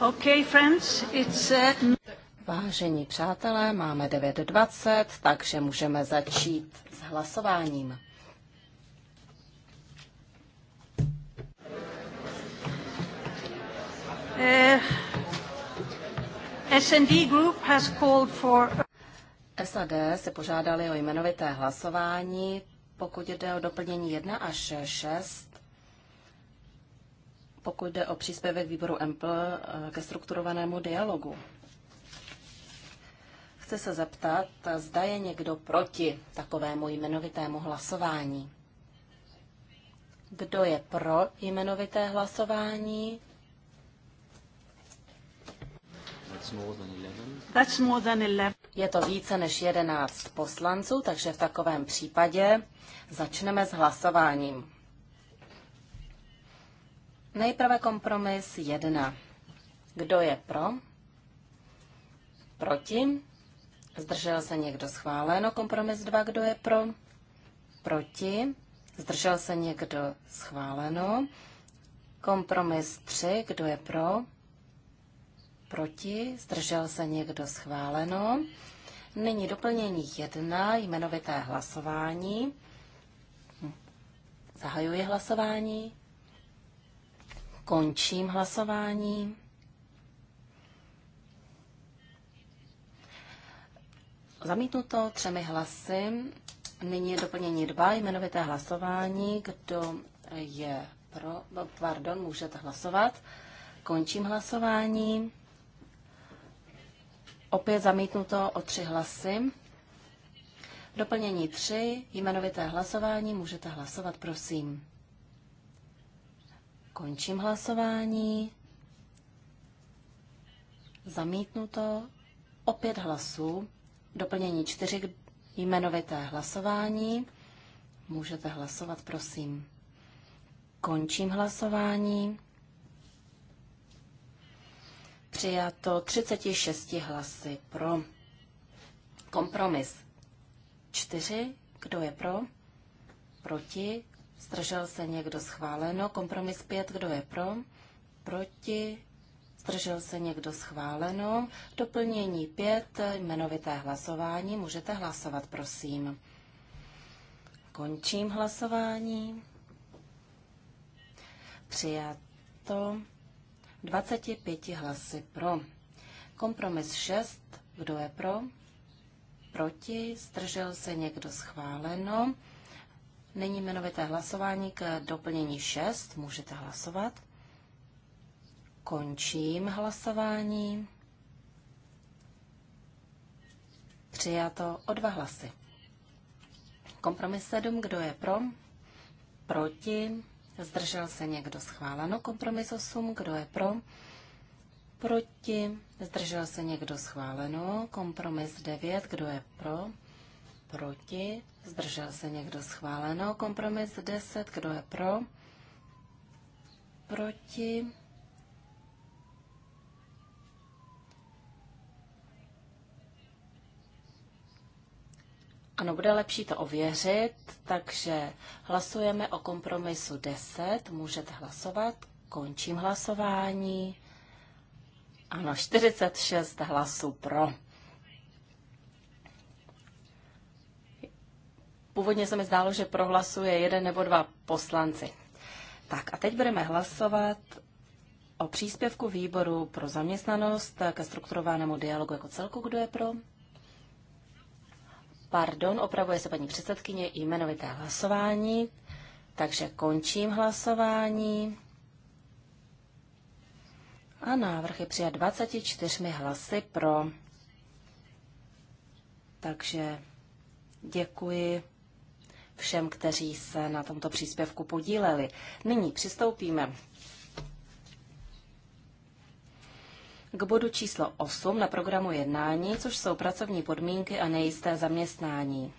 Okay, friends, it's, uh... Vážení přátelé, máme 9.20, takže můžeme začít s hlasováním. Uh, S&D Group has called for... SAD se požádali o jmenovité hlasování, pokud jde o doplnění 1 až 6 pokud jde o příspěvek výboru MPL eh, ke strukturovanému dialogu. Chci se zeptat, zda je někdo proti takovému jmenovitému hlasování. Kdo je pro jmenovité hlasování? That's more than 11. Je to více než 11 poslanců, takže v takovém případě začneme s hlasováním. Nejprve kompromis 1. Kdo je pro? Proti? Zdržel se někdo schváleno? Kompromis 2. Kdo je pro? Proti? Zdržel se někdo schváleno? Kompromis 3. Kdo je pro? Proti? Zdržel se někdo schváleno? Nyní doplnění 1. Jmenovité hlasování. Zahajuji hlasování. Končím hlasování. Zamítnuto třemi hlasy. Nyní je doplnění dva jmenovité hlasování. Kdo je pro, no, pardon, můžete hlasovat. Končím hlasování. Opět zamítnuto o tři hlasy. Doplnění tři jmenovité hlasování. Můžete hlasovat, prosím. Končím hlasování. Zamítnuto Opět hlasů. Doplnění čtyři jmenovité hlasování. Můžete hlasovat, prosím. Končím hlasování. Přijato 36 hlasy pro. Kompromis 4. Kdo je pro? Proti? Zdržel se někdo schváleno. Kompromis 5, kdo je pro? Proti? Zdržel se někdo schváleno. Doplnění 5, jmenovité hlasování. Můžete hlasovat, prosím. Končím hlasování. Přijato 25 hlasy pro. Kompromis 6, kdo je pro? Proti? Zdržel se někdo schváleno. Není jmenovité hlasování k doplnění 6. Můžete hlasovat. Končím hlasování. Přijato o dva hlasy. Kompromis 7. Kdo je pro? Proti? Zdržel se někdo schváleno? Kompromis 8. Kdo je pro? Proti? Zdržel se někdo schváleno? Kompromis 9. Kdo je pro? proti? Zdržel se někdo schváleno? Kompromis 10. Kdo je pro? Proti? Ano, bude lepší to ověřit, takže hlasujeme o kompromisu 10. Můžete hlasovat. Končím hlasování. Ano, 46 hlasů pro. Původně se mi zdálo, že prohlasuje jeden nebo dva poslanci. Tak a teď budeme hlasovat o příspěvku výboru pro zaměstnanost ke strukturovanému dialogu jako celku. Kdo je pro? Pardon, opravuje se paní předsedkyně jmenovité hlasování. Takže končím hlasování. A návrh je přijat 24 hlasy pro. Takže děkuji všem, kteří se na tomto příspěvku podíleli. Nyní přistoupíme k bodu číslo 8 na programu jednání, což jsou pracovní podmínky a nejisté zaměstnání.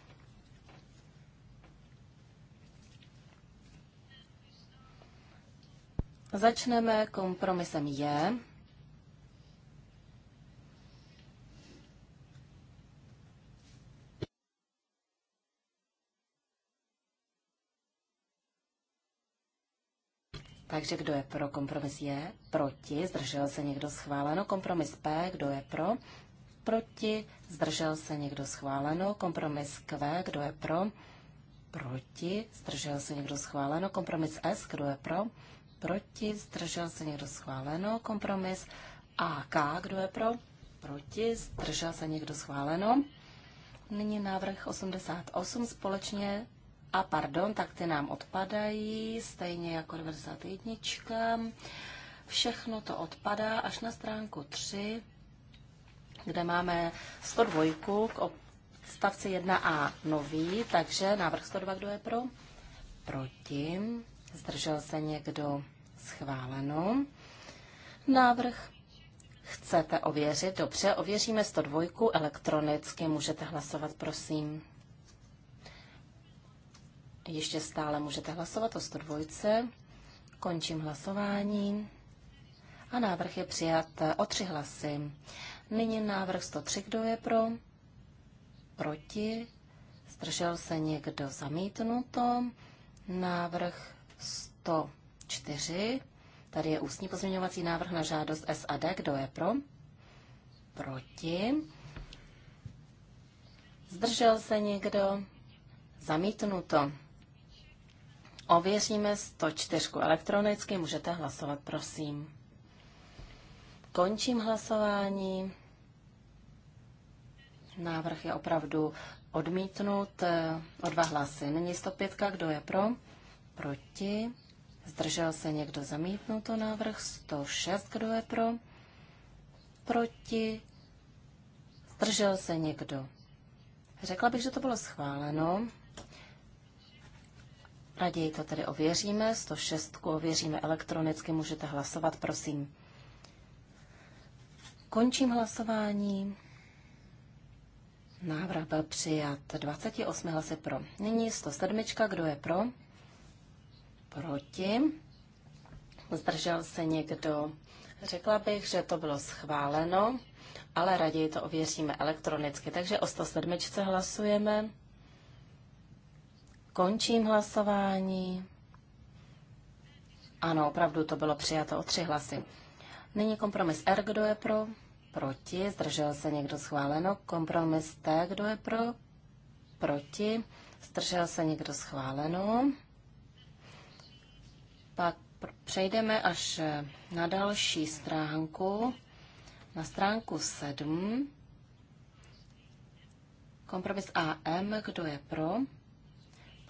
Začneme kompromisem je. Takže kdo je pro? Kompromis je proti. Zdržel se někdo schváleno. Kompromis P. Kdo je pro? Proti. Zdržel se někdo schváleno. Kompromis Q. Kdo je pro? Proti. Zdržel se někdo schváleno. Kompromis S. Kdo je pro? Proti. Zdržel se někdo schváleno. Kompromis AK. Kdo je pro? Proti. Zdržel se někdo schváleno. Nyní návrh 88 společně a pardon, tak ty nám odpadají, stejně jako 91. Všechno to odpadá až na stránku 3, kde máme 102 k odstavci 1a nový, takže návrh 102, kdo je pro? Proti. Zdržel se někdo schváleno. Návrh chcete ověřit? Dobře, ověříme 102 elektronicky. Můžete hlasovat, prosím. Ještě stále můžete hlasovat o 102. Končím hlasování. A návrh je přijat o tři hlasy. Nyní návrh 103. Kdo je pro? Proti? Zdržel se někdo zamítnuto? Návrh 104. Tady je ústní pozměňovací návrh na žádost SAD. Kdo je pro? Proti? Zdržel se někdo? Zamítnuto. Ověříme 104 elektronicky, můžete hlasovat, prosím. Končím hlasování. Návrh je opravdu odmítnut eh, o dva hlasy. Není 105, kdo je pro? Proti. Zdržel se někdo zamítnuto návrh? 106, kdo je pro? Proti. Zdržel se někdo? Řekla bych, že to bylo schváleno. Raději to tedy ověříme. 106 ověříme elektronicky. Můžete hlasovat, prosím. Končím hlasování. Návrh byl přijat 28 hlasy pro. Nyní 107. Kdo je pro? Proti. Zdržel se někdo? Řekla bych, že to bylo schváleno, ale raději to ověříme elektronicky. Takže o 107. hlasujeme. Končím hlasování. Ano, opravdu to bylo přijato o tři hlasy. Nyní kompromis R, kdo je pro? Proti. Zdržel se někdo schváleno. Kompromis T, kdo je pro? Proti. Zdržel se někdo schváleno. Pak přejdeme až eh, na další stránku, na stránku 7. Kompromis AM, kdo je pro?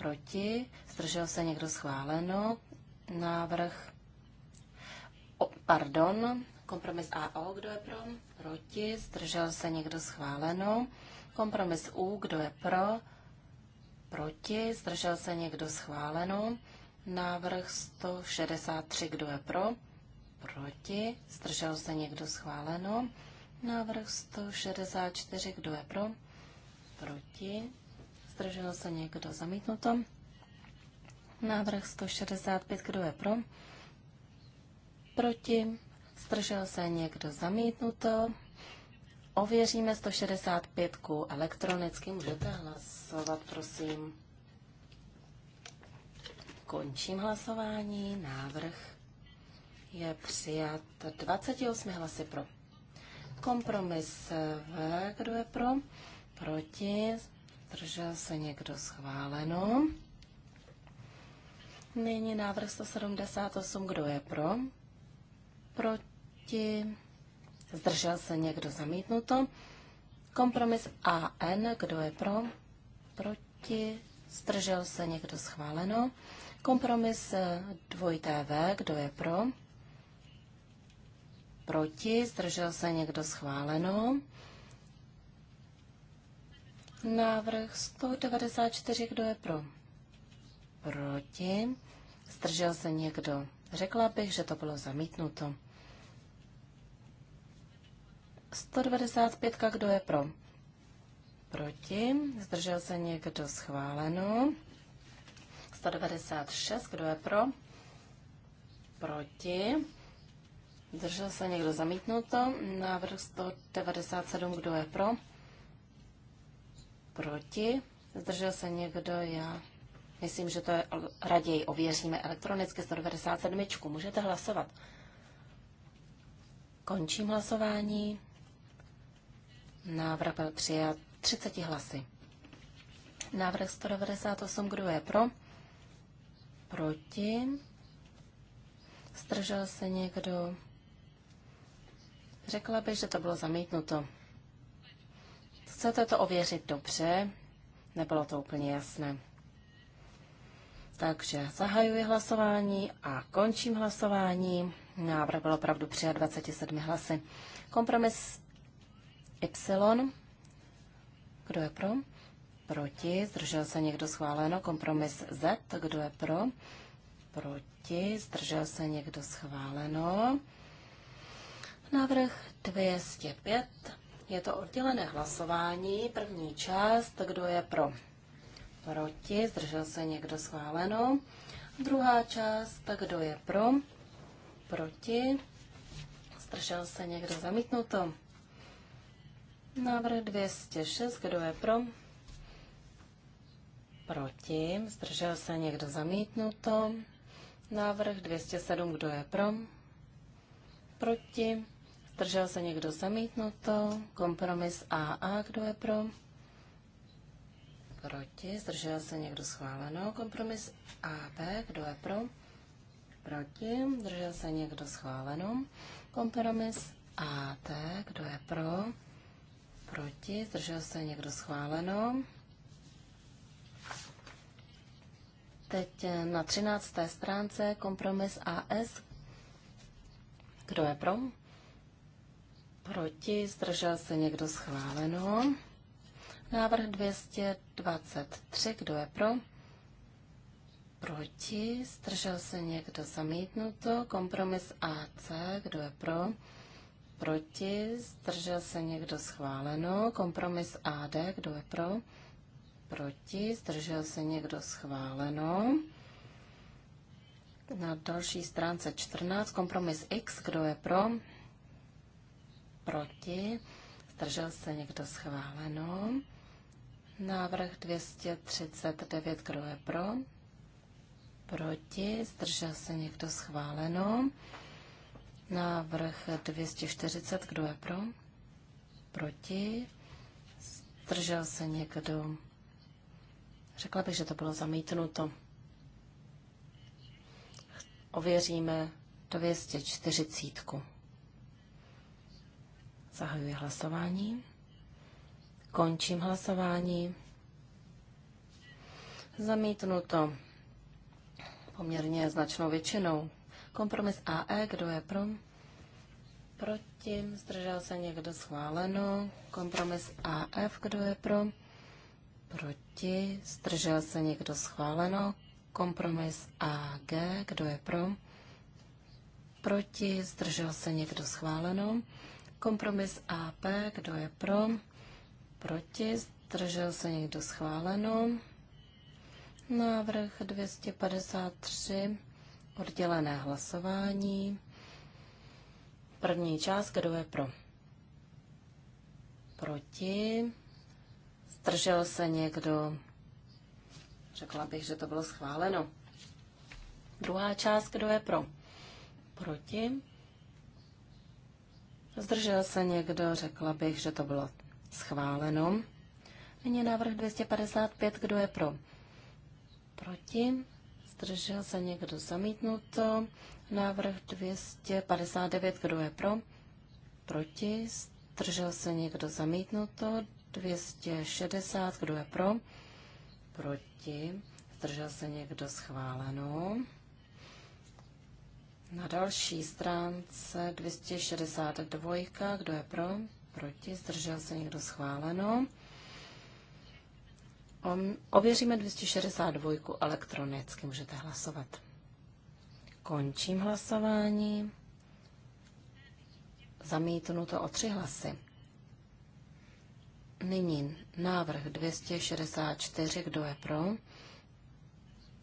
proti, zdržel se někdo schváleno, návrh, o, pardon, kompromis AO, kdo je pro, proti, zdržel se někdo schváleno, kompromis U, kdo je pro, proti, zdržel se někdo schváleno, návrh 163, kdo je pro, proti, zdržel se někdo schváleno, návrh 164, kdo je pro, proti, zdržel se někdo zamítnuto. Návrh 165, kdo je pro? Proti, zdržel se někdo zamítnuto. Ověříme 165 elektronicky, můžete hlasovat, prosím. Končím hlasování, návrh je přijat 28 hlasy pro. Kompromis V, kdo je pro? Proti, Zdržel se někdo schváleno. Nyní návrh 178, kdo je pro? Proti? Zdržel se někdo zamítnuto? Kompromis AN, kdo je pro? Proti? Zdržel se někdo schváleno? Kompromis 2TV, kdo je pro? Proti? Zdržel se někdo schváleno? Návrh 194, kdo je pro? Proti. Zdržel se někdo? Řekla bych, že to bylo zamítnuto. 195, kdo je pro? Proti. Zdržel se někdo? Schváleno. 196, kdo je pro? Proti. Zdržel se někdo? Zamítnuto. Návrh 197, kdo je pro? proti? Zdržel se někdo? Já myslím, že to je raději ověříme elektronicky 197. Můžete hlasovat. Končím hlasování. Návrh byl přijat 30 hlasy. Návrh 198, kdo je pro? Proti. Zdržel se někdo? Řekla bych, že to bylo zamítnuto. Chcete to ověřit dobře? Nebylo to úplně jasné. Takže zahajuji hlasování a končím hlasování. Návrh byl opravdu přijat 27 hlasy. Kompromis Y. Kdo je pro? Proti. Zdržel se někdo schváleno. Kompromis Z. Kdo je pro? Proti. Zdržel se někdo schváleno. Návrh 205. Je to oddělené hlasování, první část, kdo je pro, proti, zdržel se někdo schváleno. Druhá část, kdo je pro, proti, zdržel se někdo zamítnuto. Návrh 206, kdo je pro, proti, zdržel se někdo zamítnuto. Návrh 207, kdo je pro, proti, Zdržel se někdo zamítnuto? Kompromis AA, kdo je pro? Proti. Zdržel se někdo schváleno? Kompromis AB, kdo je pro? Proti. Zdržel se někdo schváleno? Kompromis AT, kdo je pro? Proti. Zdržel se někdo schváleno? Teď eh, na 13. stránce kompromis AS. Kdo je pro? Proti, zdržel se někdo schváleno. Návrh 223, kdo je pro? Proti, zdržel se někdo zamítnuto. Kompromis AC, kdo je pro? Proti, zdržel se někdo schváleno. Kompromis AD, kdo je pro? Proti, zdržel se někdo schváleno. Na další stránce 14, kompromis X, kdo je pro? proti, zdržel se někdo schváleno. Návrh 239, kdo je pro, proti, zdržel se někdo schváleno. Návrh 240, kdo je pro, proti, zdržel se někdo. Řekla bych, že to bylo zamítnuto. Ověříme 240. Zahajuji hlasování. Končím hlasování. Zamítnuto poměrně značnou většinou. Kompromis AE, kdo je pro? Proti, zdržel se někdo schváleno. Kompromis AF, kdo je pro? Proti, zdržel se někdo schváleno. Kompromis AG, kdo je pro? Proti, zdržel se někdo schváleno. Kompromis AP, kdo je pro? Proti? Zdržel se někdo schváleno? Návrh 253, oddělené hlasování. První část, kdo je pro? Proti? Zdržel se někdo? Řekla bych, že to bylo schváleno. Druhá část, kdo je pro? Proti? Zdržel se někdo, řekla bych, že to bylo schváleno. Nyní návrh 255, kdo je pro? Proti. Zdržel se někdo, zamítnuto. Návrh 259, kdo je pro? Proti. Zdržel se někdo, zamítnuto. 260, kdo je pro? Proti. Zdržel se někdo, schváleno. Na další stránce 262, kdo je pro, proti, zdržel se někdo schváleno. Ověříme 262 elektronicky, můžete hlasovat. Končím hlasování. Zamítnuto o tři hlasy. Nyní návrh 264, kdo je pro?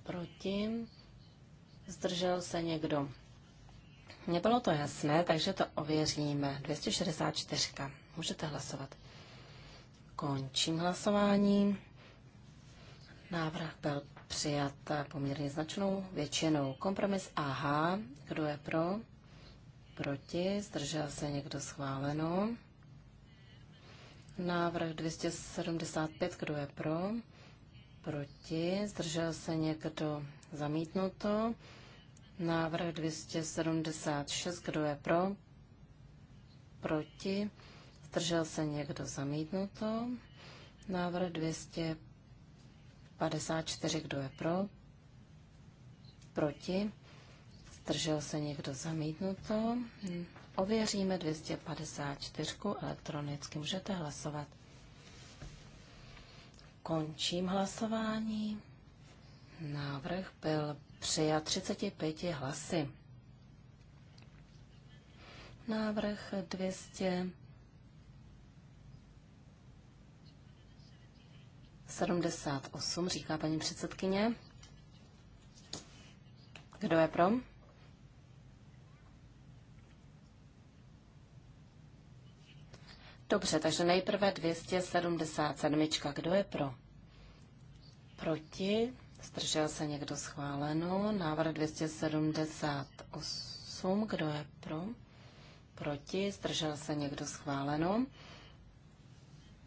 Proti? Zdržel se někdo? Nebylo to jasné, takže to ověříme. 264. Můžete hlasovat. Končím hlasování. Návrh byl přijat poměrně značnou většinou. Kompromis AH. Kdo je pro? Proti? Zdržel se někdo schváleno? Návrh 275. Kdo je pro? Proti? Zdržel se někdo zamítnuto? Návrh 276, kdo je pro? Proti? Zdržel se někdo zamítnuto? Návrh 254, kdo je pro? Proti? Zdržel se někdo zamítnuto? Ověříme 254 elektronicky. Můžete hlasovat. Končím hlasování. Návrh byl přijat 35 hlasy. Návrh 278, říká paní předsedkyně. Kdo je pro? Dobře, takže nejprve 277. Kdo je pro? Proti? Zdržel se někdo schváleno. Návrh 278. Kdo je pro? Proti. Zdržel se někdo schváleno.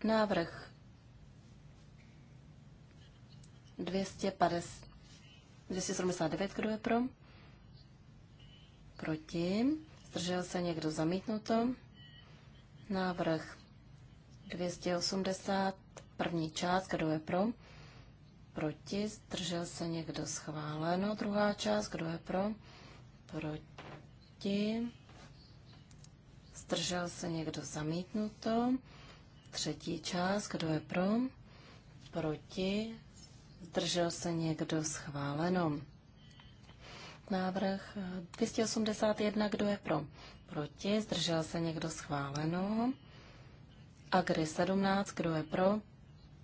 Návrh 250, 279. Kdo je pro? Proti. Zdržel se někdo zamítnuto. Návrh 280. První část. Kdo je pro? proti, zdržel se někdo schváleno. Druhá část, kdo je pro, proti, zdržel se někdo zamítnuto. Třetí část, kdo je pro, proti, zdržel se někdo schváleno. Návrh 281, kdo je pro, proti, zdržel se někdo schváleno. Agri 17, kdo je pro,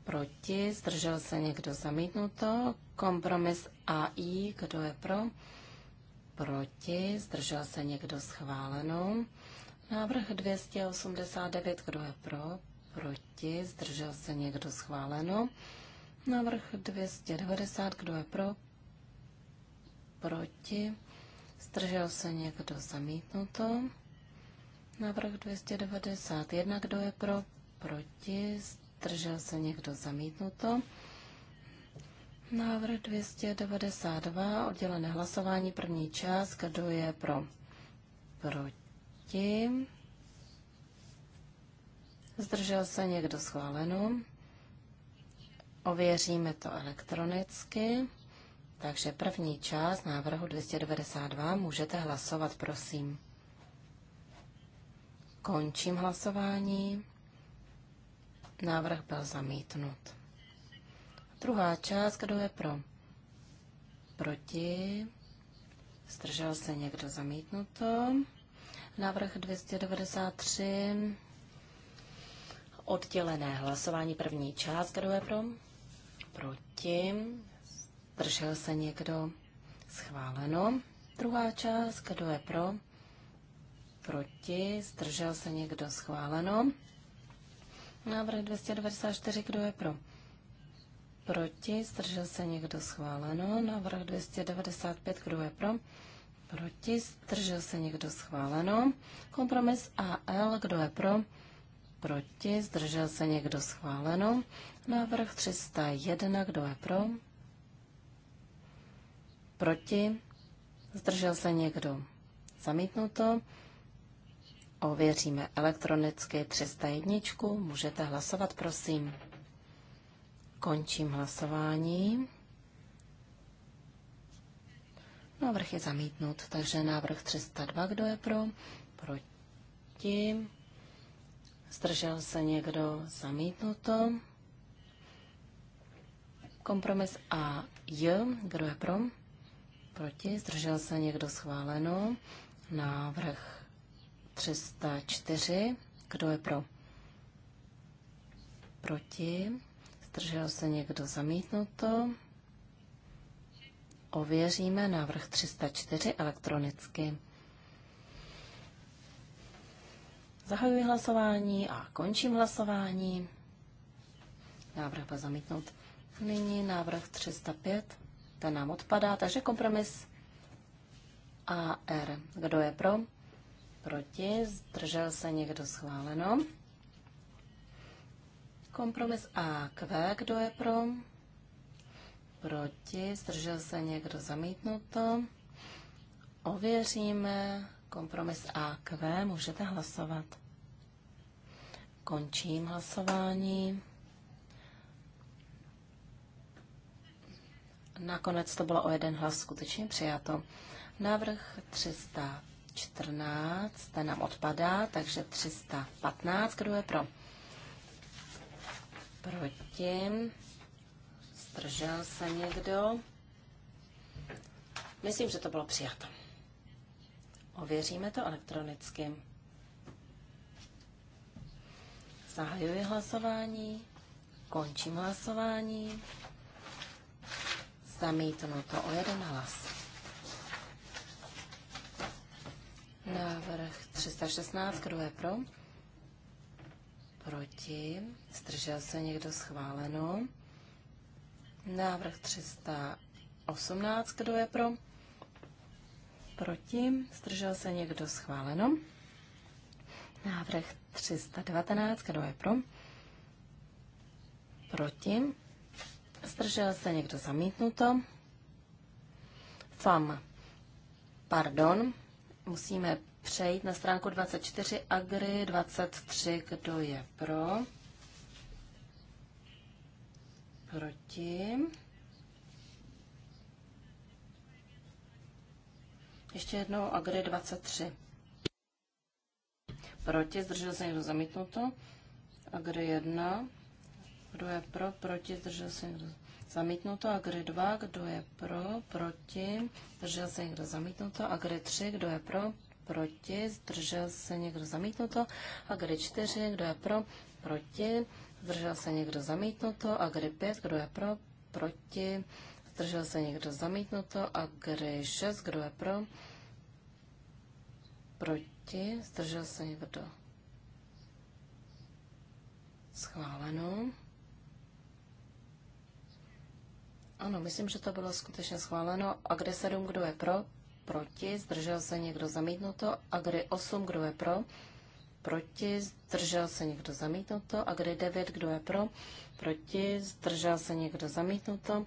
proti, zdržel se někdo zamítnuto, kompromis AI, kdo je pro, proti, zdržel se někdo schváleno, návrh 289, kdo je pro, proti, zdržel se někdo schváleno, návrh 290, kdo je pro, proti, zdržel se někdo zamítnuto, návrh 291, kdo je pro, proti, zdržel se někdo zamítnuto. Návrh 292, oddělené hlasování, první část, kdo je pro? Proti. Zdržel se někdo schváleno. Ověříme to elektronicky. Takže první část návrhu 292 můžete hlasovat, prosím. Končím hlasování. Návrh byl zamítnut. Druhá část, kdo je pro? Proti. Zdržel se někdo zamítnuto. Návrh 293. Oddělené hlasování první část, kdo je pro? Proti. Zdržel se někdo schváleno. Druhá část, kdo je pro? Proti. Zdržel se někdo schváleno. Návrh 294, kdo je pro? Proti, zdržel se někdo schváleno. Návrh 295, kdo je pro? Proti, zdržel se někdo schváleno. Kompromis AL, kdo je pro? Proti, zdržel se někdo schváleno. Návrh 301, kdo je pro? Proti, zdržel se někdo zamítnuto. Ověříme elektronicky 301. Můžete hlasovat, prosím. Končím hlasování. Návrh je zamítnut, takže návrh 302, kdo je pro? Proti. Zdržel se někdo? Zamítnuto. Kompromis A, J, kdo je pro? Proti. Zdržel se někdo? Schváleno. Návrh 304. Kdo je pro? Proti? Zdržel se někdo zamítnuto? Ověříme návrh 304 elektronicky. Zahajuji hlasování a končím hlasování. Návrh byl zamítnut. Nyní návrh 305. Ten nám odpadá, takže kompromis AR. Kdo je pro? proti, zdržel se někdo schváleno. Kompromis AQ, kdo je pro, proti, zdržel se někdo zamítnuto. Ověříme kompromis AQ, můžete hlasovat. Končím hlasování. Nakonec to bylo o jeden hlas skutečně přijato. Návrh 300. 14, ten nám odpadá, takže 315, kdo je pro? Proti. Zdržel se někdo? Myslím, že to bylo přijato. Ověříme to elektronicky. Zahajuji hlasování, končím hlasování, zamítnu to o jeden hlas. Návrh 316, kdo je pro? Proti. Zdržel se někdo schváleno. Návrh 318, kdo je pro? Proti. Zdržel se někdo schváleno. Návrh 319, kdo je pro? Proti. Zdržel se někdo zamítnuto. FAM. Pardon, musíme přejít na stránku 24 Agri 23. Kdo je pro? Proti? Ještě jednou Agri 23. Proti, zdržel se někdo zamítnuto. Agri 1. Kdo je pro? Proti, zdržel se někdo zamítnuto. Zamítnuto. Agri 2, kdo je pro? Proti. Zdržel se někdo zamítnuto. Agri 3, kdo je pro? Proti. Zdržel se někdo zamítnuto. Agri 4, kdo je pro? Proti. Zdržel se někdo zamítnuto. Agri 5, kdo je pro? Proti. Zdržel se někdo zamítnuto. Agri 6, kdo je pro? Proti. Zdržel se někdo schváleno. Ano, myslím, že to bylo skutečně schváleno. A kde 7, kdo je pro? Proti. Zdržel se někdo zamítnuto. A kde 8, kdo je pro? Proti. Zdržel se někdo zamítnuto. A kde 9, kdo je pro? Proti. Zdržel se někdo zamítnuto.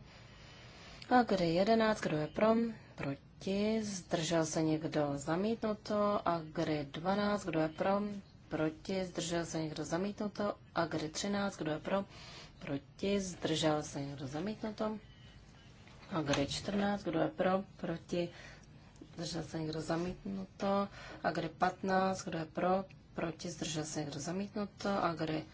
A kde 11, kdo je pro? Proti. Zdržel se někdo zamítnuto. A kdy 12, kdo je pro? Proti. Zdržel se někdo zamítnuto. A kdy 13, kdo je pro? Proti. Zdržel se někdo zamítnuto. A Agri 14, kdo je pro, proti, zdržel se někdo zamítnuto. A Agri 15, kdo je pro, proti, zdržel se někdo zamítnuto. A Agri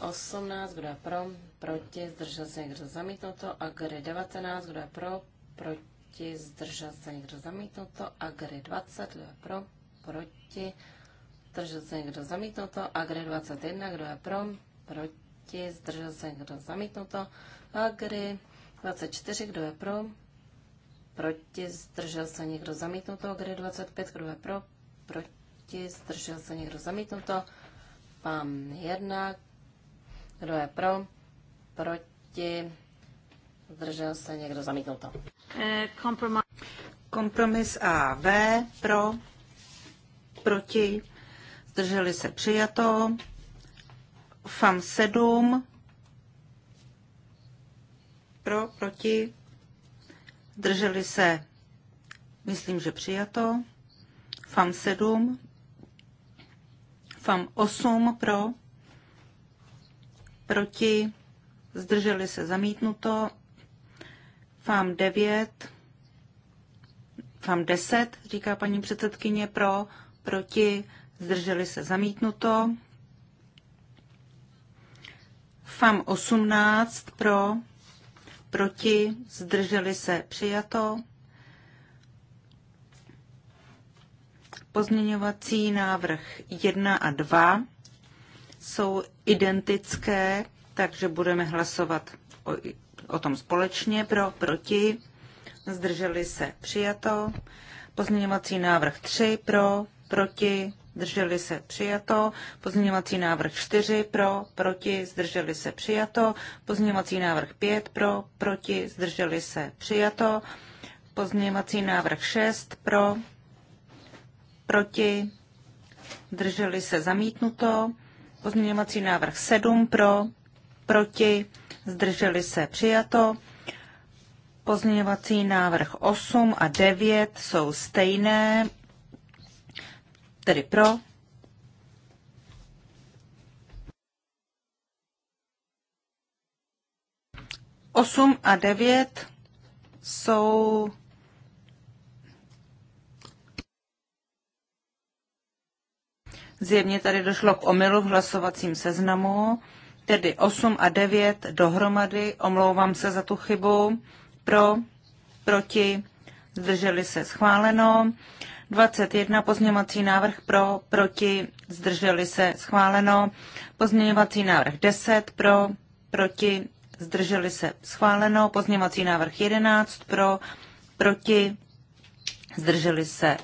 18, kdo je pro, proti, zdržel se někdo zamítnuto. A Agri 19, kdo je pro, proti, zdržel se někdo zamítnuto. A Agri 20, kdo je pro, proti, zdržel se někdo zamítnuto. A Agri 21, kdo je pro, proti, zdržel se někdo zamítnuto. A Agri 24, kdo je pro? Proti, zdržel se někdo zamítnuto. Agri 25, kdo je pro? Proti, zdržel se někdo zamítnuto. Pam 1, kdo je pro? Proti, zdržel se někdo zamítnuto. Kompromis. Kompromis V pro, proti, zdrželi se přijato. FAM 7 pro, proti, drželi se, myslím, že přijato. FAM 7, FAM 8 pro, proti, zdrželi se zamítnuto. FAM 9, FAM 10, říká paní předsedkyně, pro, proti, zdrželi se zamítnuto. FAM 18 pro, proti, zdrželi se, přijato. Pozměňovací návrh 1 a 2 jsou identické, takže budeme hlasovat o, o tom společně pro, proti, zdrželi se, přijato. Pozměňovací návrh 3 pro, proti, zdrželi se přijato, pozměňovací návrh 4 pro, proti, zdrželi se přijato, pozměňovací návrh 5 pro, proti, zdrželi se přijato, pozměňovací návrh 6 pro, proti, zdrželi se zamítnuto, pozměňovací návrh 7 pro, proti, zdrželi se přijato, pozměňovací návrh 8 a 9 jsou stejné, Tedy pro. Osm a devět jsou Zjevně tady došlo k omylu v hlasovacím seznamu, tedy 8 a 9 dohromady, omlouvám se za tu chybu, pro, proti, zdrželi se schváleno, 21 pozměňovací návrh pro, proti, zdrželi se, schváleno. Pozměňovací návrh 10 pro, proti, zdrželi se, schváleno. Pozměňovací návrh 11 pro, proti, zdrželi se,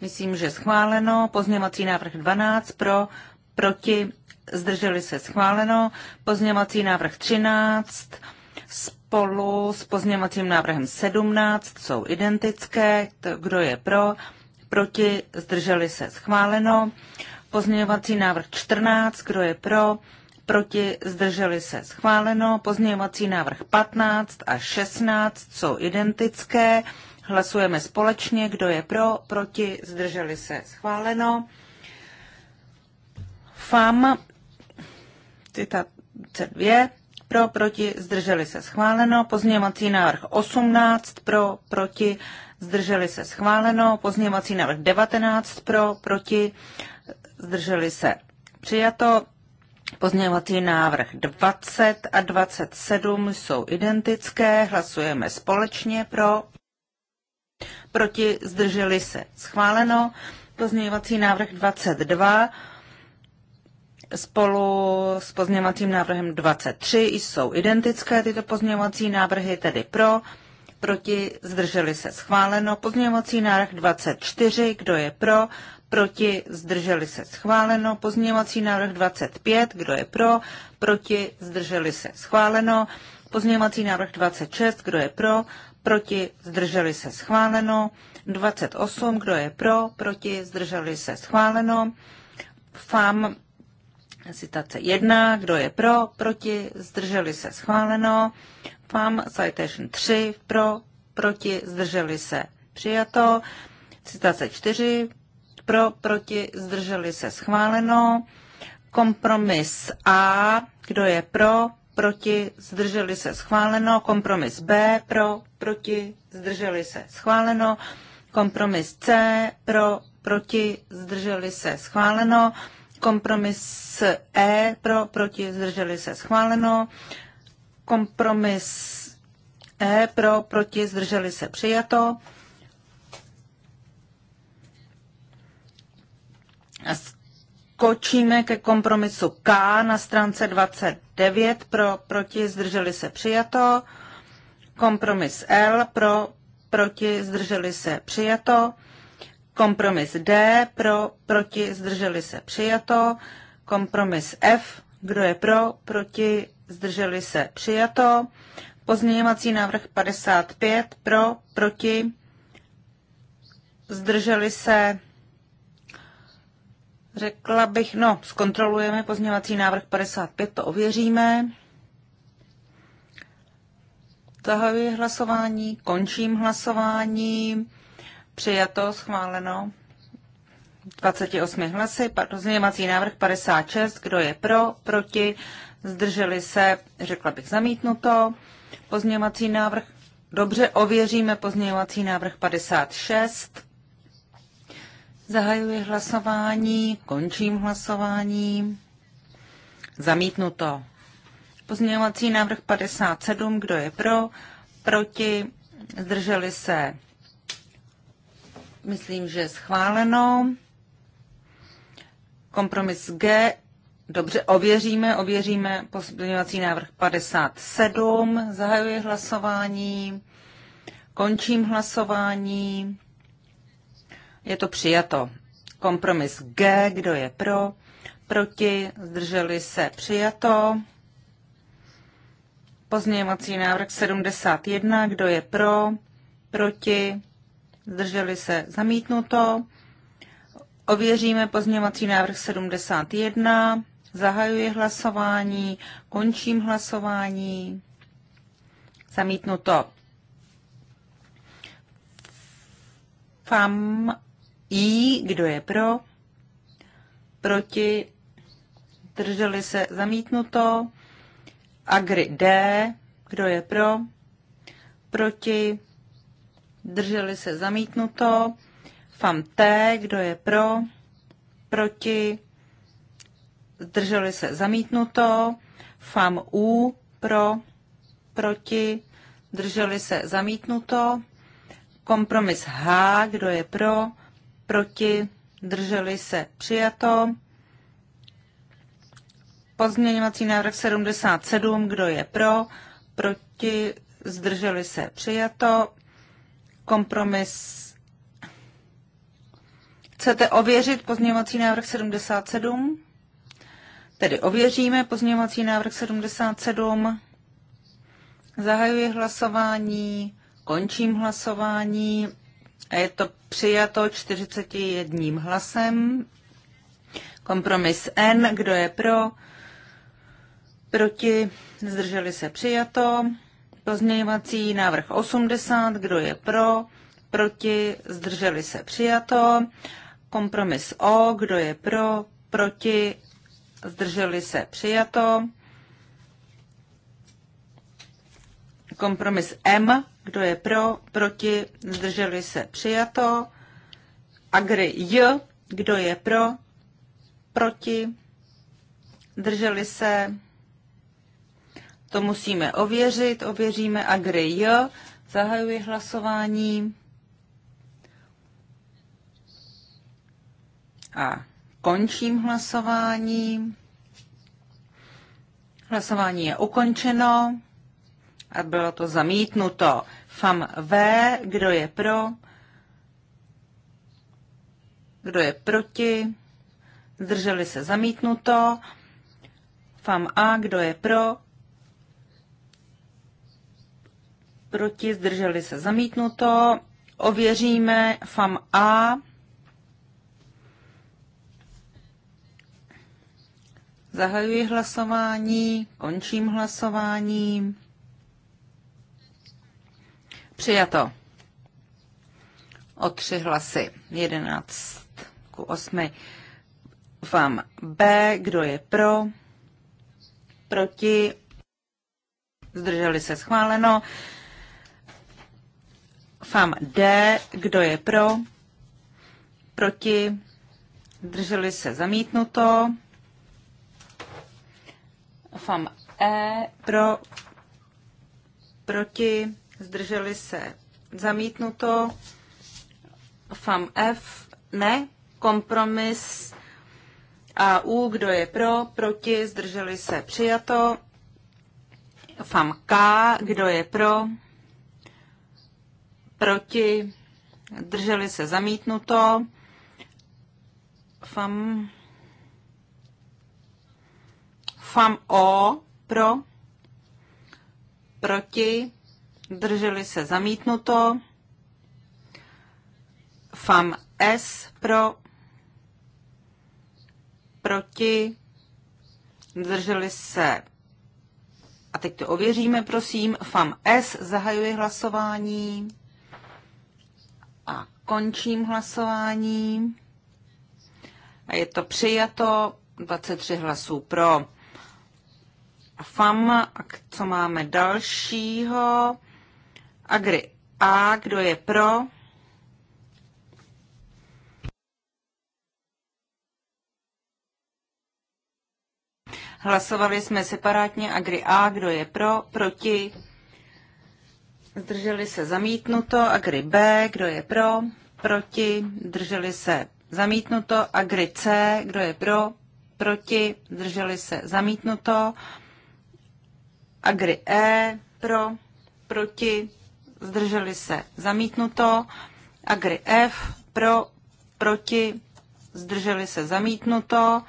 myslím, že schváleno. Pozměňovací návrh 12 pro, proti, zdrželi se, schváleno. Pozměňovací návrh 13 spolu s pozměňovacím návrhem 17 jsou identické. Kdo je pro? proti, zdrželi se schváleno. Pozměňovací návrh 14, kdo je pro, proti, zdrželi se schváleno. Pozměňovací návrh 15 a 16 jsou identické. Hlasujeme společně, kdo je pro, proti, zdrželi se schváleno. FAM, citace 2, pro, proti, zdrželi se schváleno. Pozměňovací návrh 18, pro, proti, zdrželi se schváleno, pozněvací návrh 19 pro, proti, zdrželi se přijato, pozněvací návrh 20 a 27 jsou identické, hlasujeme společně pro, proti, zdrželi se schváleno, pozněvací návrh 22 spolu s pozměňovacím návrhem 23 jsou identické tyto pozměňovací návrhy, tedy pro, proti, zdrželi se schváleno. Pozměňovací návrh 24, kdo je pro, proti, zdrželi se schváleno. Pozměňovací návrh 25, kdo je pro, proti, zdrželi se schváleno. Pozměňovací návrh 26, kdo je pro, proti, zdrželi se schváleno. 28, kdo je pro, proti, zdrželi se schváleno. FAM citace 1, kdo je pro, proti, zdrželi se schváleno. Mám Citation 3 pro, proti, zdrželi se přijato, citace 4 pro, proti, zdrželi se schváleno, kompromis A, kdo je pro, proti, zdrželi se schváleno, kompromis B, pro, proti, zdrželi se schváleno, kompromis C, pro, proti, zdrželi se schváleno, kompromis E, pro, proti, zdrželi se schváleno, Kompromis E pro, proti, zdrželi se přijato. A skočíme ke kompromisu K na stránce 29 pro, proti, zdrželi se přijato. Kompromis L pro, proti, zdrželi se přijato. Kompromis D pro, proti, zdrželi se přijato. Kompromis F, kdo je pro, proti, zdrželi se přijato. Pozměňovací návrh 55 pro, proti, zdrželi se, řekla bych, no, zkontrolujeme pozměňovací návrh 55, to ověříme. Zahajuji hlasování, končím hlasování, přijato, schváleno. 28 hlasy, pozměňovací návrh 56, kdo je pro, proti, zdrželi se, řekla bych zamítnuto. Pozměňovací návrh, dobře, ověříme pozměňovací návrh 56. Zahajuji hlasování, končím hlasování. Zamítnuto. Pozměňovací návrh 57, kdo je pro, proti, zdrželi se, myslím, že schváleno. Kompromis G, Dobře, ověříme, ověříme pozměňovací návrh 57. Zahajuji hlasování. Končím hlasování. Je to přijato. Kompromis G, kdo je pro, proti, zdrželi se, přijato. Pozměňovací návrh 71, kdo je pro, proti, zdrželi se, zamítnuto. Ověříme pozměňovací návrh 71. Zahajuji hlasování, končím hlasování. Zamítnuto. FAM I, kdo je pro? Proti? Drželi se zamítnuto. Agri D, kdo je pro? Proti? Drželi se zamítnuto. FAM T, kdo je pro? Proti? zdrželi se zamítnuto, FAM U pro, proti, zdrželi se zamítnuto, kompromis H, kdo je pro, proti, zdrželi se přijato, pozměňovací návrh 77, kdo je pro, proti, zdrželi se přijato, kompromis Chcete ověřit pozměňovací návrh 77? Tedy ověříme pozměňovací návrh 77. Zahajuji hlasování, končím hlasování a je to přijato 41 hlasem. Kompromis N, kdo je pro, proti, zdrželi se přijato. Pozměňovací návrh 80, kdo je pro, proti, zdrželi se přijato. Kompromis O, kdo je pro, proti, zdrželi se přijato. Kompromis M, kdo je pro, proti, zdrželi se přijato. Agri J, kdo je pro, proti, zdrželi se. To musíme ověřit, ověříme Agri J, zahajuji hlasování. A Končím hlasování. Hlasování je ukončeno a bylo to zamítnuto. FAM V, kdo je pro, kdo je proti, zdrželi se zamítnuto. FAM A, kdo je pro, proti, zdrželi se zamítnuto. Ověříme FAM A. Zahajuji hlasování, končím hlasování. Přijato. O tři hlasy. 11 ku 8. Vám B, kdo je pro, proti, zdrželi se schváleno. Vám D, kdo je pro, proti, zdrželi se zamítnuto. FAM E pro, proti, zdrželi se zamítnuto, FAM F ne, kompromis a U, kdo je pro, proti, zdrželi se přijato, FAM K, kdo je pro, proti, zdrželi se zamítnuto, FAM FAM O pro, proti, drželi se zamítnuto, FAM S pro, proti, drželi se, a teď to ověříme, prosím, FAM S, zahajuje hlasování a končím hlasování. A je to přijato, 23 hlasů pro. A FAM. A co máme dalšího? Agri A, kdo je pro? Hlasovali jsme separátně Agri A, kdo je pro, proti. Zdrželi se zamítnuto. Agri B, kdo je pro, proti. Zdrželi se zamítnuto. Agri C, kdo je pro, proti. Zdrželi se zamítnuto. Agri E pro, proti, zdrželi se zamítnuto. Agri F pro, proti, zdrželi se zamítnuto.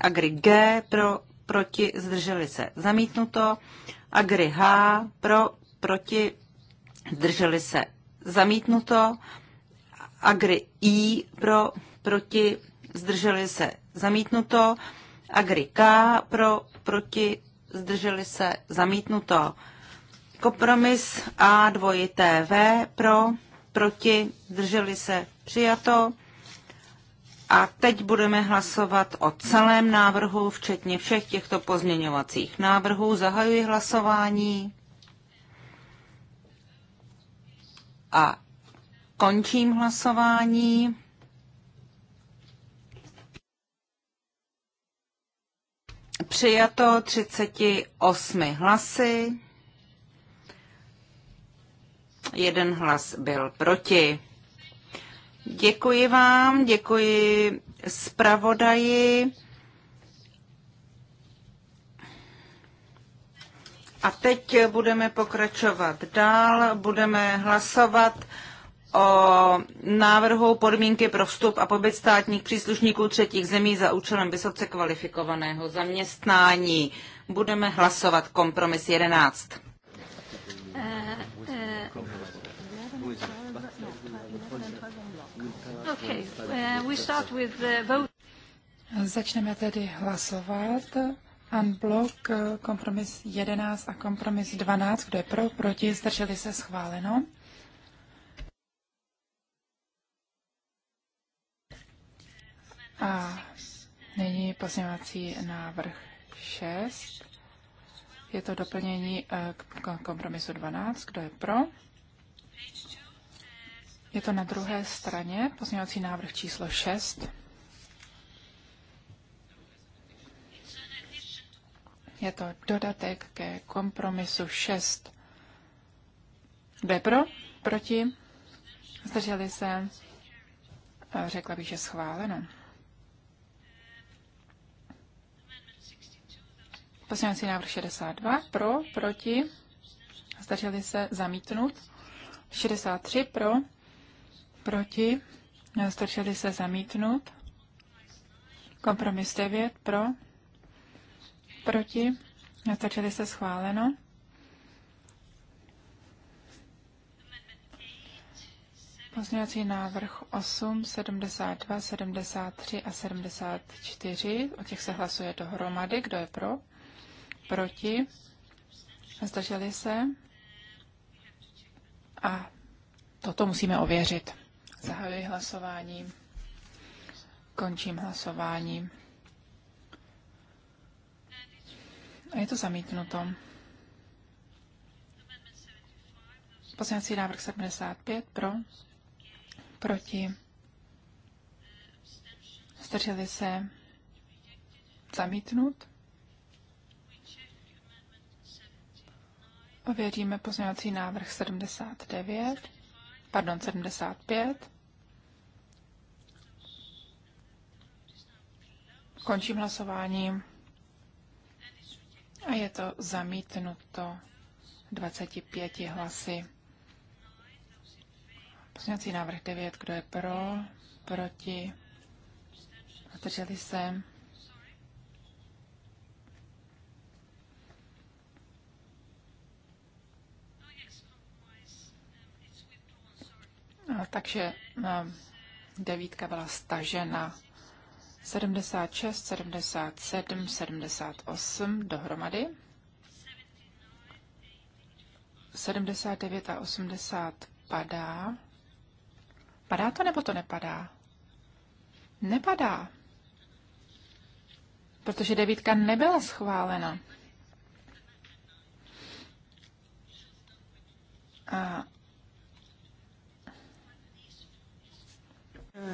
Agri G pro, proti, zdrželi se zamítnuto. Agri H pro, proti, zdrželi se zamítnuto. Agri I pro, proti, zdrželi se zamítnuto. Agri K pro, proti, zdrželi se, zamítnuto. Kompromis A dvojité V pro, proti, zdrželi se, přijato. A teď budeme hlasovat o celém návrhu, včetně všech těchto pozměňovacích návrhů. Zahajuji hlasování a končím hlasování. Přijato 38 hlasy. Jeden hlas byl proti. Děkuji vám, děkuji zpravodaji. A teď budeme pokračovat dál, budeme hlasovat o návrhu podmínky pro vstup a pobyt státních příslušníků třetích zemí za účelem vysoce kvalifikovaného zaměstnání. Budeme hlasovat kompromis 11. Začneme tedy hlasovat. Unblock, eh, kompromis 11 a kompromis 12. Kdo je pro, proti, zdrželi se schváleno. A nyní pozměňovací návrh 6. Je to doplnění eh, k kompromisu 12. Kdo je pro? Je to na druhé straně pozměňovací návrh číslo 6. Je to dodatek ke kompromisu 6. Kdo je pro? Proti? Zdrželi se? Eh, řekla bych, že schváleno. Poslanecí návrh 62 pro, proti, Zdařili se zamítnout. 63 pro, proti, Zdařili se zamítnout. Kompromis 9 pro, proti, Zdařili se schváleno. Pozměňovací návrh 8, 72, 73 a 74. O těch se hlasuje dohromady. Kdo je pro? proti, zdrželi se a toto musíme ověřit. Zahajuji hlasování, končím hlasování. A je to zamítnuto. Poslanecí návrh 75 pro, proti, zdrželi se, zamítnut. Ověříme pozměňovací návrh 79, pardon, 75. Končím hlasování a je to zamítnuto 25 hlasy. Pozměňovací návrh 9, kdo je pro, proti, zdrželi se. No, takže eh, devítka byla stažena 76, 77, 78 dohromady. 79 a 80 padá. Padá to nebo to nepadá? Nepadá. Protože devítka nebyla schválena. A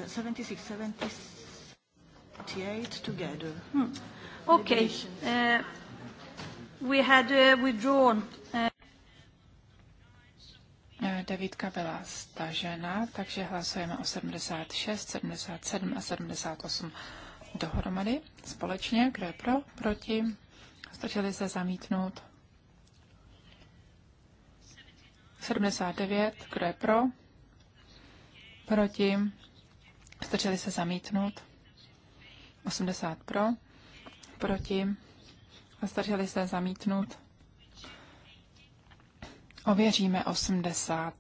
76, uh, 78 together. Hmm. Okay. Uh, we had uh, withdrawn. Uh, uh, stažena, takže hlasujeme o 76, 77 a 78 dohromady společně. Kdo je pro? Proti? Stačili se zamítnout. 79. Kdo je pro? Proti? Zdrželi se zamítnout. 80 pro. Proti. Zdrželi se zamítnout. Ověříme 80.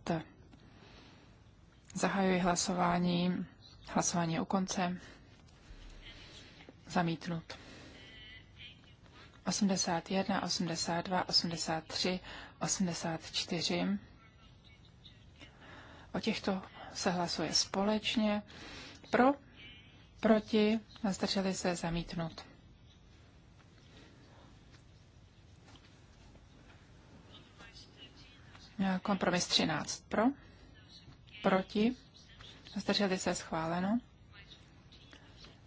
Zahajuji hlasování. Hlasování je u konce. Zamítnut. 81, 82, 83, 84. O těchto se hlasuje společně. Pro, proti, zdrželi se zamítnout. Kompromis 13 pro, proti, zdrželi se schváleno.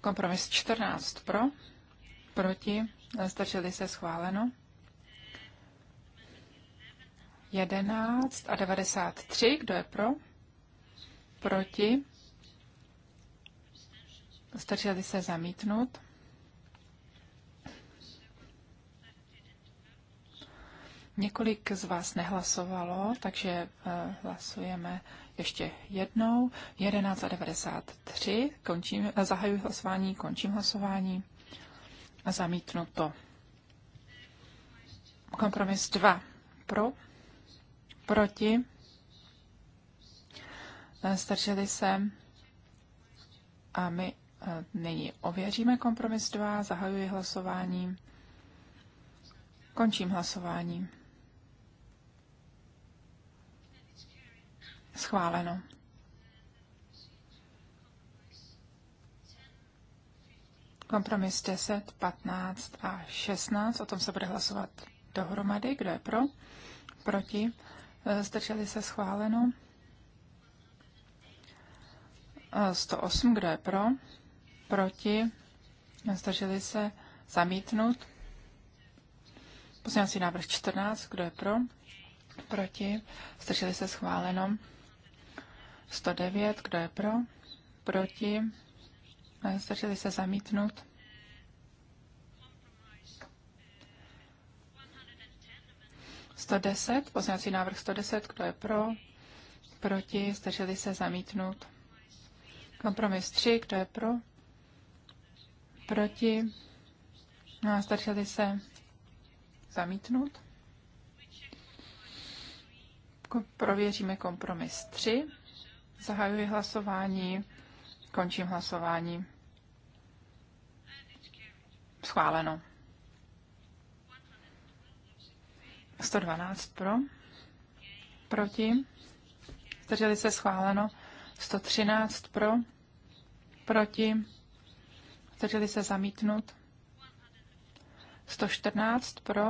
Kompromis 14 pro, proti, zdrželi se schváleno. 11 a 93, kdo je pro? Proti, Zdrželi se zamítnout. Několik z vás nehlasovalo, takže eh, hlasujeme ještě jednou. 11 a 93. Končím, eh, zahajuji hlasování, končím hlasování a zamítnu to. Kompromis 2. Pro, proti, stačili eh, se a my Eh, nyní ověříme kompromis 2, zahajuji hlasování, končím hlasování. Schváleno. Kompromis 10, 15 a 16, o tom se bude hlasovat dohromady. Kdo je pro? Proti? Eh, zdrželi se schváleno? 108, eh, kdo je pro? proti, zdrželi se, zamítnout. Pozměňovací návrh 14, kdo je pro, proti, zdrželi se, schváleno. 109, kdo je pro, proti, zdrželi se, zamítnout. Sto pozměňovací návrh 110, kdo je pro, proti, zdrželi se, zamítnout. Kompromis 3, kdo je pro, proti, stačili no, se zamítnout. Prověříme kompromis 3. Zahajuji hlasování, končím hlasování. Schváleno. 112 pro, proti, zdrželi se schváleno, 113 pro, proti, zdrželi se zamítnut. 114 pro,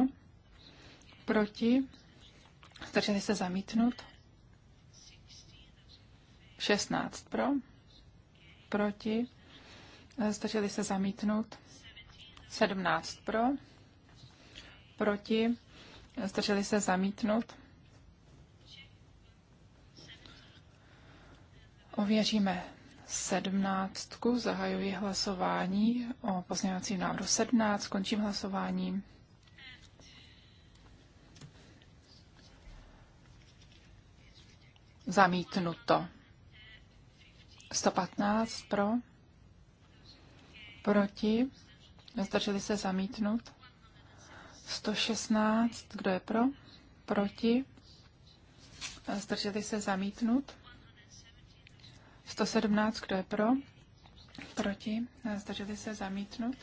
proti, zdrželi se zamítnut. 16 pro, proti, zdrželi se zamítnout. 17 pro, proti, zdrželi se zamítnout. Ověříme 17. Zahajuji hlasování o pozměňovacím návrhu 17. Končím hlasování. Zamítnuto. 115 pro. Proti. Nezdrželi se zamítnout. 116. Kdo je pro? Proti. Zdrželi se zamítnout. 117, kdo je pro? Proti? Zdrželi se zamítnout.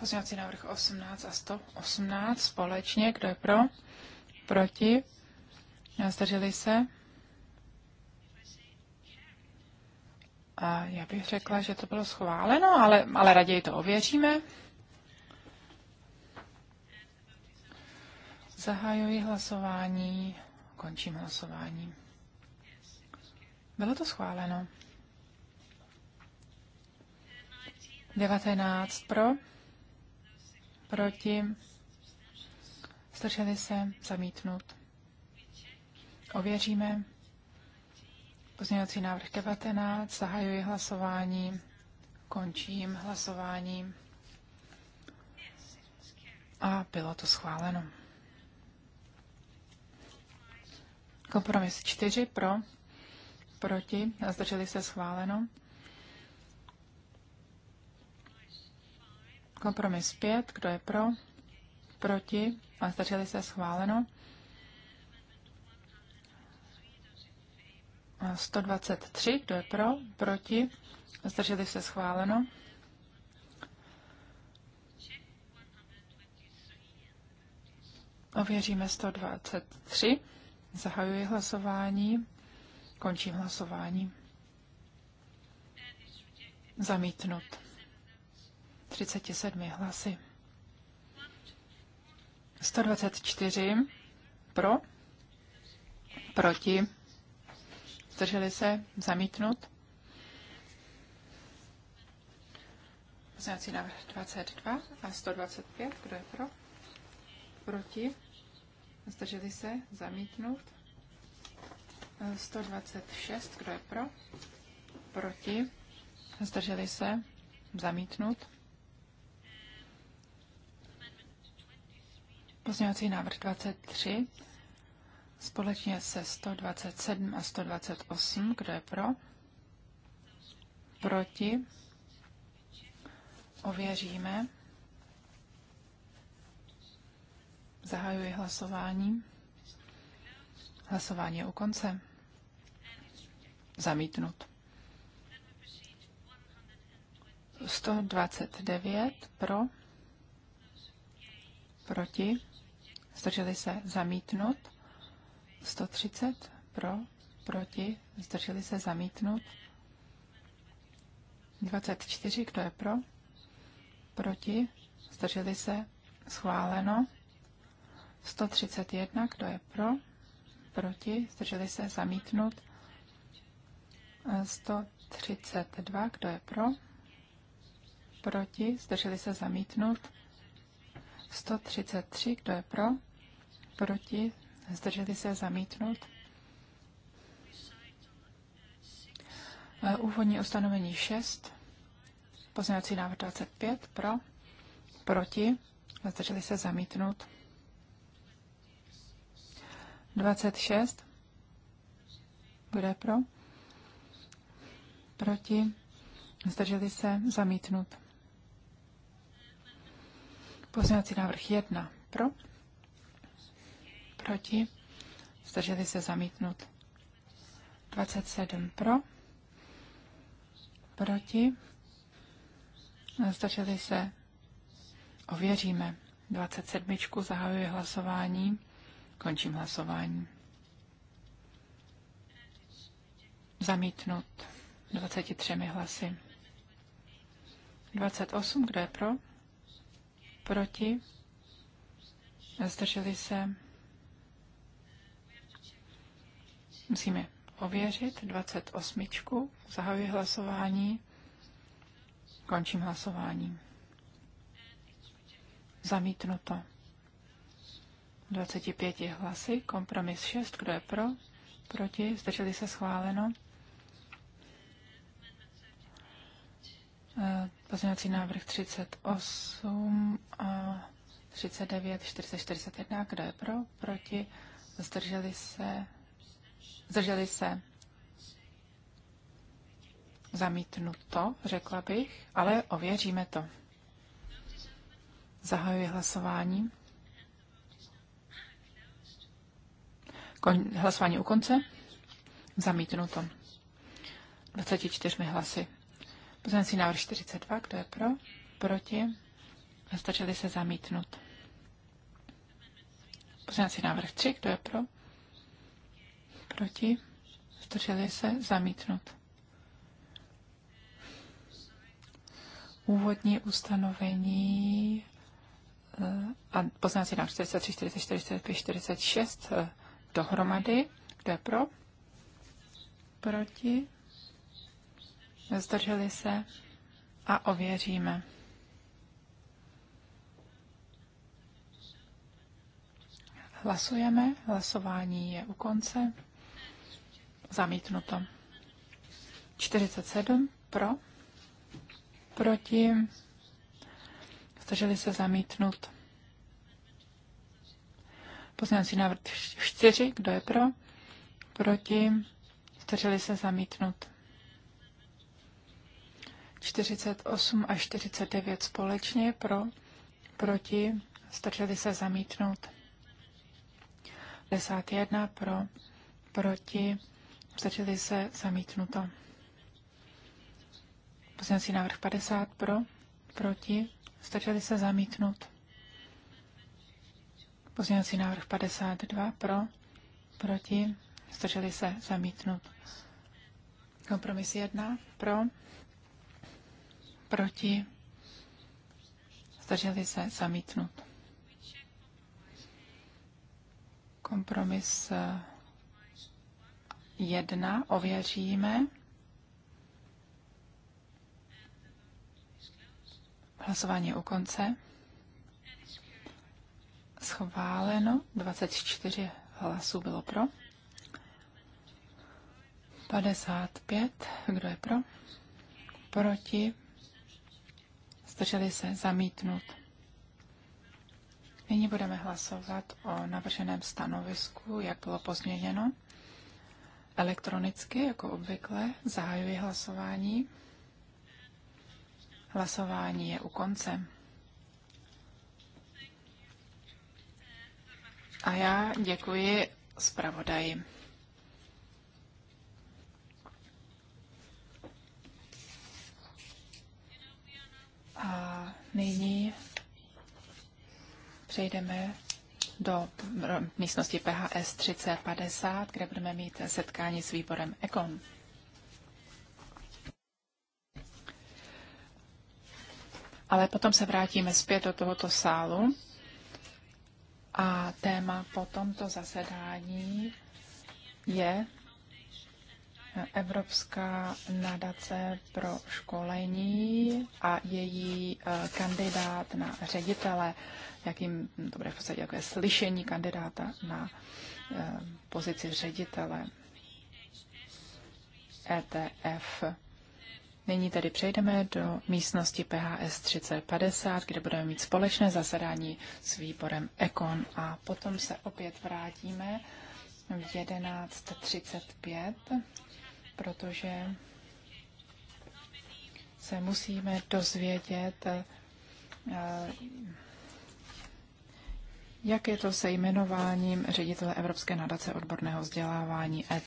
Pozměňovací návrh 18 a 118 společně. Kdo je pro? Proti? Zdrželi se? A já bych řekla, že to bylo schváleno, ale, ale raději to ověříme. Zahajuji hlasování, končím hlasování. Bylo to schváleno. 19 pro, proti, zdrželi se, zamítnut. Ověříme. Pozměňovací návrh 19, zahajuji hlasování, končím hlasování a bylo to schváleno. Kompromis 4 pro, proti, zdrželi se schváleno. Kompromis 5, kdo je pro, proti a zdrželi se schváleno. 123, kdo je pro, proti, zdrželi se schváleno. Ověříme 123. Zahajuji hlasování. Končím hlasování. Zamítnut. 37 hlasy. 124 pro, proti, zdrželi se, zamítnut. Pozměňovací návrh 22 a 125, kdo je pro? Proti, zdrželi se, zamítnout. 126, kdo je pro? Proti? Zdrželi se? Zamítnut? Pozměňovací návrh 23 společně se 127 a 128. Kdo je pro? Proti? Ověříme. Zahajuji hlasování. Hlasování je u konce zamítnut. 129 pro, proti, zdrželi se zamítnut, 130 pro, proti, zdrželi se zamítnut, 24, kdo je pro, proti, zdrželi se schváleno, 131, kdo je pro, proti, zdrželi se zamítnut, 132, kdo je pro? Proti, zdrželi se zamítnout. 133, kdo je pro? Proti, zdrželi se zamítnout. Eh, úvodní ustanovení 6, Poznávací návrh 25, pro, proti, zdrželi se zamítnout. 26, je pro? proti, zdrželi se, zamítnut. Pozměňovací návrh 1 pro, proti, zdrželi se, zamítnut. 27 pro, proti, zdrželi se, ověříme. 27. zahajuje hlasování, končím hlasování. Zamítnut. 23 hlasy. 28, kdo je pro? Proti? Zdrželi se? Musíme ověřit 28. Zahajuji hlasování. Končím hlasování. Zamítnuto. 25 hlasy, kompromis 6, kdo je pro? Proti? Zdrželi se schváleno? pozměňovací návrh 38 a 39, 40, 41. Kdo je pro? Proti? Zdrželi se? Zdrželi se? Zamítnuto, řekla bych, ale ověříme to. Zahajuji hlasování. Kon, hlasování u konce. Zamítnuto. 24 hlasy. Pozměňovací návrh 42, kdo je pro? Proti? Stačili se zamítnout. Pozměňovací návrh 3, kdo je pro? Proti? Stačili se zamítnout. Úvodní ustanovení eh, a poznáci nám 43, 44, 45, 46 dohromady. Kdo je pro? Proti? zdrželi se a ověříme. Hlasujeme, hlasování je u konce. Zamítnuto. 47 pro, proti, zdrželi se zamítnut. si návrh 4, kdo je pro, proti, zdrželi se zamítnut. 48 a 49 společně pro, proti, stačili se zamítnout. 51 pro, proti, stačili se zamítnuto. Pozměňovací návrh 50 pro, proti, stačili se zamítnout. Pozměňovací návrh 52 pro, proti, stačili se zamítnout. Kompromis 1 pro, proti, zdrželi se zamítnut. Kompromis eh, jedna, ověříme. Hlasování u konce. Schváleno 24 hlasů bylo pro. 55, kdo je pro? Proti zdrželi se, zamítnut. Nyní budeme hlasovat o navrženém stanovisku, jak bylo pozměněno. Elektronicky, jako obvykle, zahajuji hlasování. Hlasování je u konce. A já děkuji zpravodaji. A nyní přejdeme do místnosti PHS 3050, kde budeme mít setkání s výborem EKON. Ale potom se vrátíme zpět do tohoto sálu a téma po tomto zasedání je Evropská nadace pro školení a její eh, kandidát na ředitele, jakým to bude v podstatě jako je slyšení kandidáta na eh, pozici ředitele ETF. Nyní tedy přejdeme do místnosti PHS 3050, kde budeme mít společné zasedání s výborem Econ a potom se opět vrátíme v 11.35 protože se musíme dozvědět, eh, jak je to se jmenováním ředitele Evropské nadace odborného vzdělávání ET.